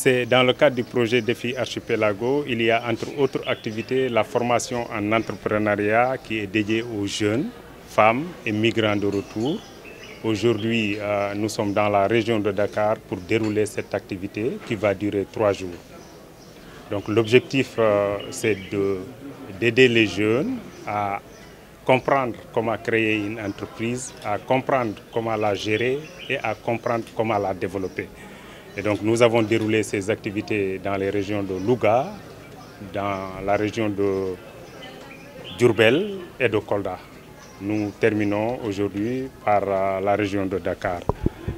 C'est dans le cadre du projet Défi Archipelago, il y a entre autres activités la formation en entrepreneuriat qui est dédiée aux jeunes, femmes et migrants de retour. Aujourd'hui, euh, nous sommes dans la région de Dakar pour dérouler cette activité qui va durer trois jours. Donc l'objectif, euh, c'est d'aider les jeunes à comprendre comment créer une à comprendre comment la gérer et à comprendre comment la développer. Et donc nous avons déroulé ces activités dans les régions de Louga, dans la région de Diourbel et de Kolda. Nous terminons aujourd'hui par euh, la région de Dakar.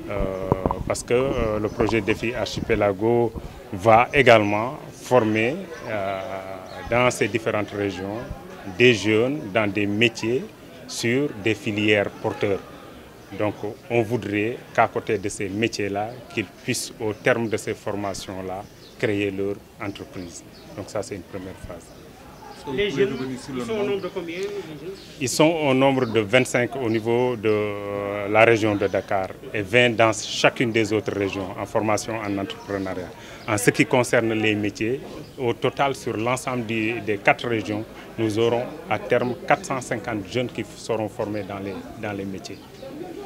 Euh, parce que euh, le projet Défi Archipelago va également former euh, dans ces différentes régions des jeunes dans des métiers sur des filières porteurs. Donc on voudrait qu'à côté de ces métiers-là, qu'ils puissent au terme de ces formations-là, créer leur entreprise. Donc ça c'est sont au nombre de combien les au nombre de 25 euh, au région de Dakar et 20 dans chacune des autres régions en formation en entrepreneuriat. En ce qui concerne les métiers, au total sur l'ensemble des, des quatre régions, nous aurons à terme 450 jeunes qui seront formés dans les les métiers.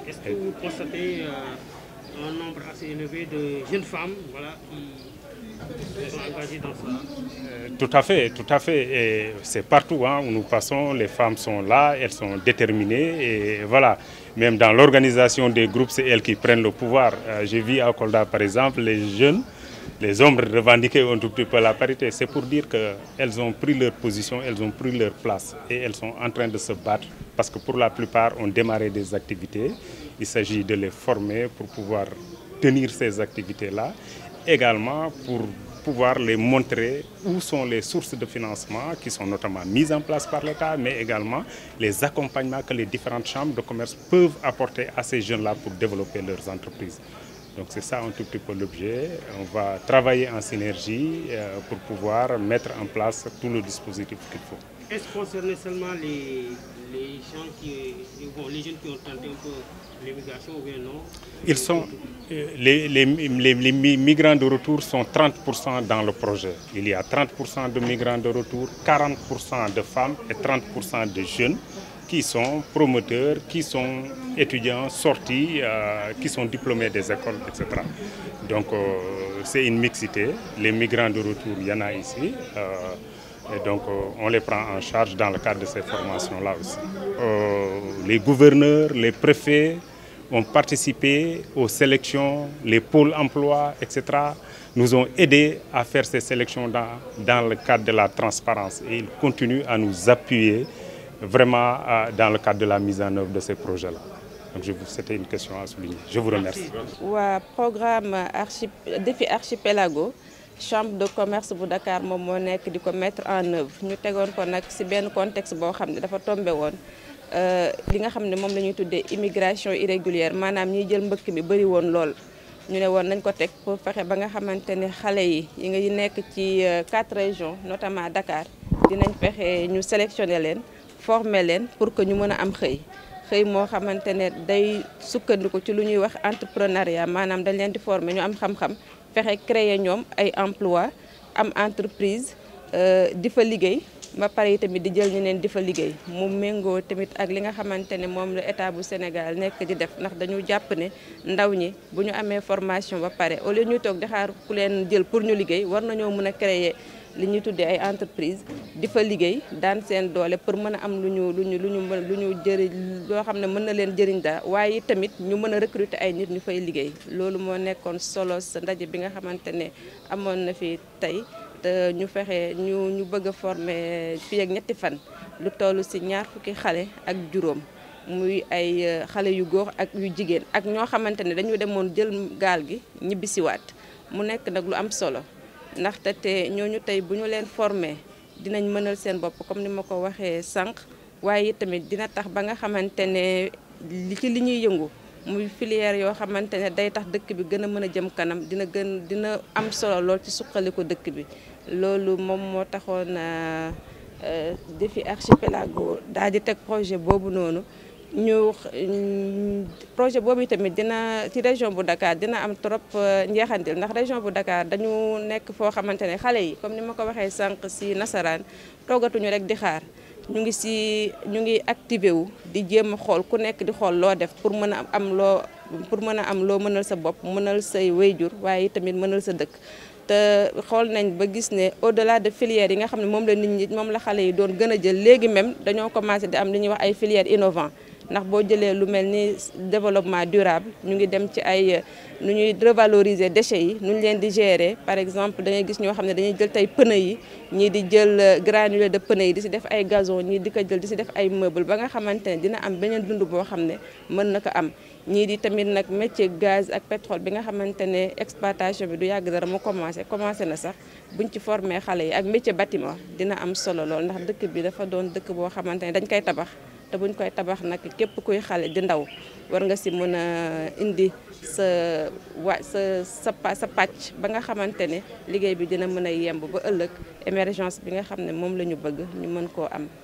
Est-ce que vous constatez euh, un nombre assez élevé de jeunes femmes voilà, qui sont engagées dans ça euh, Tout à fait, tout à fait. Et c'est partout hein, où nous passons, les femmes sont là, elles sont déterminées. Et voilà, même dans l'organisation des groupes, c'est elles qui prennent le pouvoir. Euh, J'ai vu à Kolda, par exemple, les jeunes les hommes revendiquaient un tout petit peu la parité. C'est pour dire qu'elles ont pris leur position, elles ont pris leur place et elles sont en train de se battre parce que pour la plupart ont démarré des activités. Il s'agit de les former pour pouvoir tenir ces activités-là, également pour pouvoir les montrer où sont les sources de financement qui sont notamment mises en place par l'État, mais également les accompagnements que les différentes chambres de commerce peuvent apporter à ces jeunes-là Donc c'est ça un tout petit peu l'objet. On va travailler en synergie euh, pour pouvoir mettre en place tout le dispositif qu'il faut. Est-ce concerné seulement les, les gens qui, bon, les jeunes qui ont tenté un peu l'immigration ou bien non Ils sont, euh, les, les, les, les, migrants de retour sont 30% dans le projet. Il y a 30% de migrants de retour, 40% de femmes et 30% de jeunes. qui sont promoteurs, qui sont étudiants sortis, euh, qui sont diplômés des écoles, etc. Donc euh, c'est une mixité. Les migrants de retour, il y en a ici. Euh, et donc euh, on les prend en charge dans le cadre de ces formations-là aussi. Euh, les gouverneurs, les préfets ont participé aux sélections, les pôles emploi, etc. nous ont aidés à faire ces sélections dans, dans le cadre de la transparence. Et ils continuent à nous appuyer vraiment euh, dans le cadre de la mise en œuvre de ces projets-là. Donc c'était une question à souligner. Je vous remercie. waa programme archi défi archipelago chambre de commerce bu Dakar moom moo nekk di ko mettre en œuvre ñu tegoon ko nag ci benn contexte boo xam ne dafa tombé woon euh, li nga xam ne moom la ñuy tuddee immigration irrégulière maanaam ñiy jël mbëkk mi bari woon lool. ñu ne woon nañ ko teg pour fexe ba nga xamante ne xale yi nga nekk ci euh, quatre régions notamment Dakar dinañ former leen pour que ñu mën a am xëy xëy moo xamante ne day sukkandiku ci lu ñuy wax entrepreneuriat maanaam dañ leen di former ñu am xam-xam fexe créer ñoom ay emploi am entreprise euh, di fa liggéey ba pare yi tamit di jël neen di fa liggéey mu méngoo tamit ak li nga xamante ne moom la état bu Sénégal nekk di def ndax dañu jàpp ne ndaw ñi bu ñu amee formation ba pare au lieu ñu toog di xaar ku leen jël pour ñu liggéey war nañoo mën a créer li ñuy tuddee ay entreprise di fa liggéey daan seen doole pour mën a am lu ñu lu ñu lu ñu lu ñu jëriñ loo xam ne mën na leen jëriñ daa waaye tamit ñu mën a recruter ay nit ñu fay liggéey loolu moo nekkoon solo sa ndaje bi nga xamante ne amoon na fi tey te ñu fexe ñu ñu bëgg a former fii ak ñetti fan lu toll ci ñaar fukki xale ak juróom muy ay euh, xale yu góor ak yu jigéen ak ñoo xamante ne dañu demoon jël gaal gi ñibbisiwaat mu nekk nag lu am solo ndaxte te ñooñu tey bu ñu leen formé dinañ mënal seen bopp comme ni ma ko waxee sànq waaye tamit dina tax ba nga xamante ne li ci li ñuy yëngu muy filière yoo xamante ne day tax dëkk bi gën a mën a jëm kanam dina gën dina am solo lool ci suqaliku dëkk bi loolu moom moo taxoon euh, euh, Défi Archipelago daal di teg projet boobu noonu ñu projet boobu yi tamit dina ci région bu Dakar dina am trop euh, njeexantil ndax région bu Dakar dañu nekk foo xamante ne xale yi comme ni ma ko waxee sànq si nasaraan toogatuñu rek di xaar ñu ngi si ñu ngi activer wu di jéem a xool ku nekk di xool loo def pour mën a am loo pour mën a am loo mënal sa bopp mënal say jur waaye tamit mënal sa dëkk. te xool nañ ba gis ne au delà de filières yi nga xam ne moom la nit ñi moom la xale yi doon gën a jël léegi même dañoo commencé di am li ñuy wax ay filières innovantes. ndax boo jëlee lu mel ni développement durable ñu ngi dem ci ay nu ñuy revaloriser déchets yi nu ñu leen di gérer par exemple da gis ñoo xam ne dañuy jël tey pneu yi ñii di jël euh, granulé de pneu yi di si def ay gazon ñii di ko jël di si def ay meuble ba nga xamante ne dina am beneen dund boo xam ne mën na ko am ñii di tamit nag métier gaz ak pétrole bi nga xamante ne exploitation bi du yàgg dara mu commencé commencé na sax buñ ci former xale yi ak métier bâtiment dina am solo lool ndax dëkk bi dafa doon dëkk boo xamante ne dañ koy tabax te buñ koy tabax nag képp kuy xale di ndaw war nga si mën a indi sa wa sa sa sa pàcc ba nga xamante ne liggéey bi dina mën a yemb ba ëllëg émergence bi nga xam ne moom la ñu bëgg ñu mën koo am